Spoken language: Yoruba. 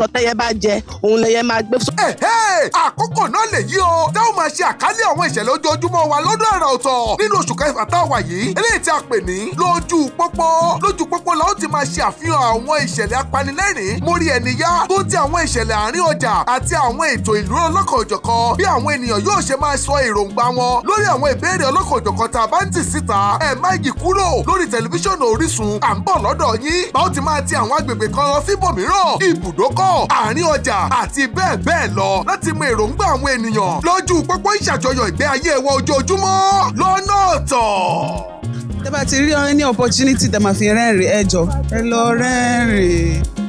tọ́tẹ́yẹ bá jẹ òun lẹ́yẹ máa gbé fún. Eh, eh! máa ṣe àkálẹ̀ àwọn ìṣẹ̀lẹ̀ ojoojúmọ́ wa lọ́dún àrà ọ̀tọ̀ nínú oṣù kẹfà tá a wà yìí eléyìí tí a pè ní lójú pópó lójú pópó la ó ti máa ṣe àfihàn àwọn ìṣẹ̀lẹ̀ apanilẹ́rìn mórí ẹni yá tó ti àwọn ìṣẹ̀lẹ̀ àárín ọjà àti àwọn ètò ìlú ọlọ́kan-ò-jọ̀kan bí àwọn ènìyàn yóò ṣe máa sọ èròǹgbà wọn lórí àwọn ìbéèrè ọlọ́kan-ò-jọ̀kan tá a bá ń tì síta ẹ má yí kúrò lórí tẹlifíṣọ̀nù Orísun à ń bọ̀ gbogbo ìṣàjọyọ̀ ìgbé ayé wa ojoojúmọ́ lọ́nà ọ̀tọ̀. tẹ́ ti rí any opportunity tẹ́ máa fi rẹ́rìn-ín ẹ jọ ẹ lọ rẹ́rìn-ín.